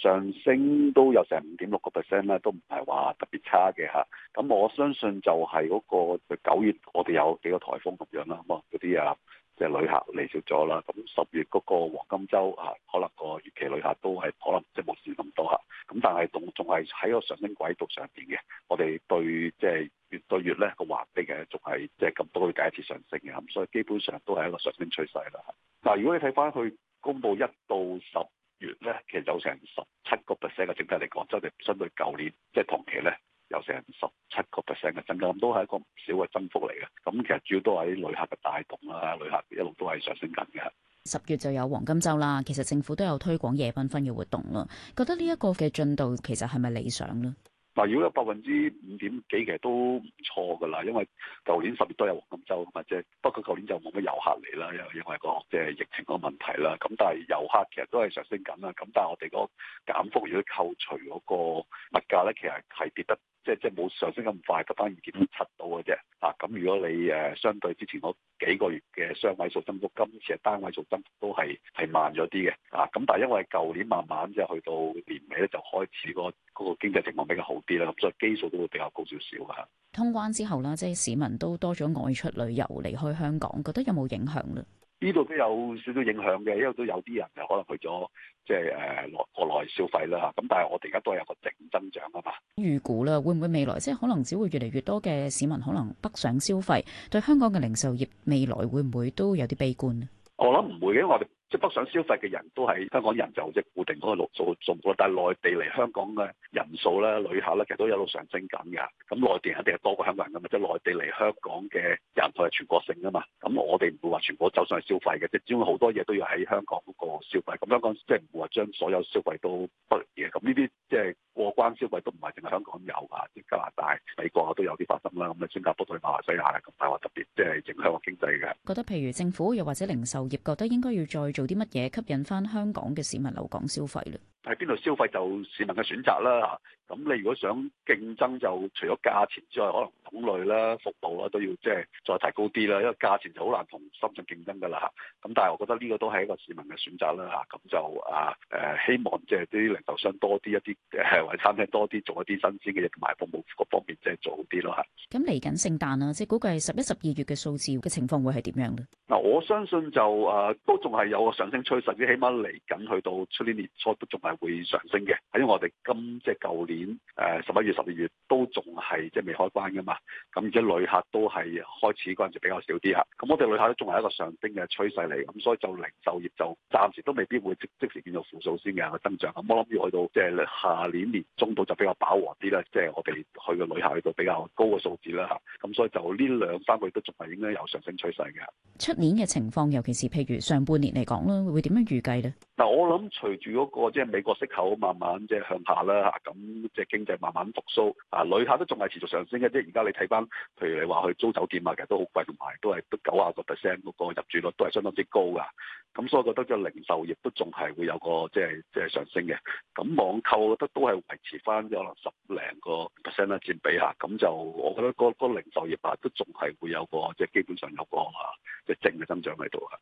上升都有成五點六個 percent 咧，都唔係話特別差嘅嚇。咁我相信就係嗰個九月我哋有幾個颱風咁樣啦，咁啊嗰啲啊即係旅客嚟少咗啦。咁十月嗰個黃金周，啊，可能個月期旅客都係可能即係冇事咁多嚇。咁但係仲仲係喺個上升軌道上邊嘅。我哋對即係、就是、月對月咧個環比嘅，仲係即係咁多個月第一次上升嘅。咁所以基本上都係一個上升趨勢啦。嗱，如果你睇翻佢公布一到十月咧，其實有成十七個 percent 嘅，整體嚟講，真係相對舊年即係同期咧，有成十七個 percent 嘅增加，咁都係一個唔少嘅增幅嚟嘅。咁其實主要都係旅客嘅帶動啦，旅客一路都係上升緊嘅。十月就有黃金週啦，其實政府都有推廣夜繽紛嘅活動咯，覺得呢一個嘅進度其實係咪理想呢？嗱，如果有百分之五點幾，其實都唔錯噶啦，因為舊年十月都有黃金周啊嘛，啫。不過舊年就冇乜遊客嚟啦，因為因為個即係疫情個問題啦。咁但係遊客其實都係上升緊啦。咁但係我哋個減幅如果扣除嗰個物價咧，其實係跌得即係即係冇上升咁快，得返二點七度嘅啫。啊，咁如果你誒相對之前嗰幾個月。雙位數增幅，今次係單位數增幅，都係係慢咗啲嘅。啊咁但係因為舊年慢慢即係去到年尾咧，就開始個嗰個經濟情況比較好啲啦，咁所以基數都會比較高少少噶。通關之後啦，即係市民都多咗外出旅遊離開香港，覺得有冇影響呢？呢度都有少少影響嘅，因為都有啲人就可能去咗即係誒內國內消費啦，咁但係我哋而家都係有個增長啊嘛，預估啦，會唔會未來即係可能只會越嚟越多嘅市民可能北上消費，對香港嘅零售業未來會唔會都有啲悲觀？我諗唔會嘅，因為我哋即係北上消費嘅人都係香港人就即固定嗰個數數眾啦。但係內地嚟香港嘅人數咧、旅客咧，其實都一路上升緊㗎。咁內地人一定係多過香港人噶嘛，即係內地嚟香港嘅人數係全國性噶嘛。咁我哋唔會話全部走上去消費嘅，即只要好多嘢都要喺香港嗰個消費。咁香港即係唔會話將所有消費都北嚟嘅。咁呢啲即係。關消費都唔係淨係香港有㗎，即加拿大、美國都有啲發生啦。咁啊，新加坡對馬來西亞咁大話特別，即係影響經濟嘅。覺得譬如政府又或者零售業，覺得應該要再做啲乜嘢吸引返香港嘅市民留港消費咧？喺邊度消費就市民嘅選擇啦。咁你如果想競爭，就除咗價錢之外，可能種類啦、服務啦，都要即係再提高啲啦。因為價錢就好難同深圳競爭噶啦。咁但係我覺得呢個都係一個市民嘅選擇啦。咁就啊誒、呃，希望即係啲零售商多啲一啲誒，或者餐廳多啲做一啲新鮮嘅嘢同埋服務各方面，即係做好啲咯。嚇！咁嚟緊聖誕啊，即係估計十一、十二月嘅數字嘅情況會係點樣呢？嗱、呃，我相信就誒都仲係有個上升趨勢，啲起碼嚟緊去到出年年初都仲係。仲係仲係會上升嘅，係因為我哋今即係舊年誒十一月、十二月都仲係即係未開關噶嘛。咁啲旅客都係開始嗰陣時比較少啲嚇，咁我哋旅客都仲係一個上升嘅趨勢嚟，咁所以就零售業就暫時都未必會即即時變做負數先嘅增長。咁我諗要去到即係下年年中度就比較飽和啲啦，即係我哋去嘅旅客去到比較高嘅數字啦嚇。咁所以就呢兩三個月都仲係應該有上升趨勢嘅。出年嘅情況，尤其是譬如上半年嚟講啦，會點樣預計咧？嗱，我諗隨住嗰個即係美國息口慢慢即係向下啦嚇，咁即係經濟慢慢復甦，啊旅客都仲係持續上升嘅即係。而家你睇翻。譬如你話去租酒店啊，其實都好貴，同埋都係都九啊個 percent 嗰個入住率都係相當之高噶。咁所以我覺得咁零售業都仲係會有個即係即係上升嘅。咁網購我覺得都係維持翻有可能十零個 percent 啦佔比吓。咁就我覺得嗰、嗰、嗰、個嗰個、零售業啊都仲係會有個即係、即係、基本上有個即係、即係、正嘅增長喺度啊。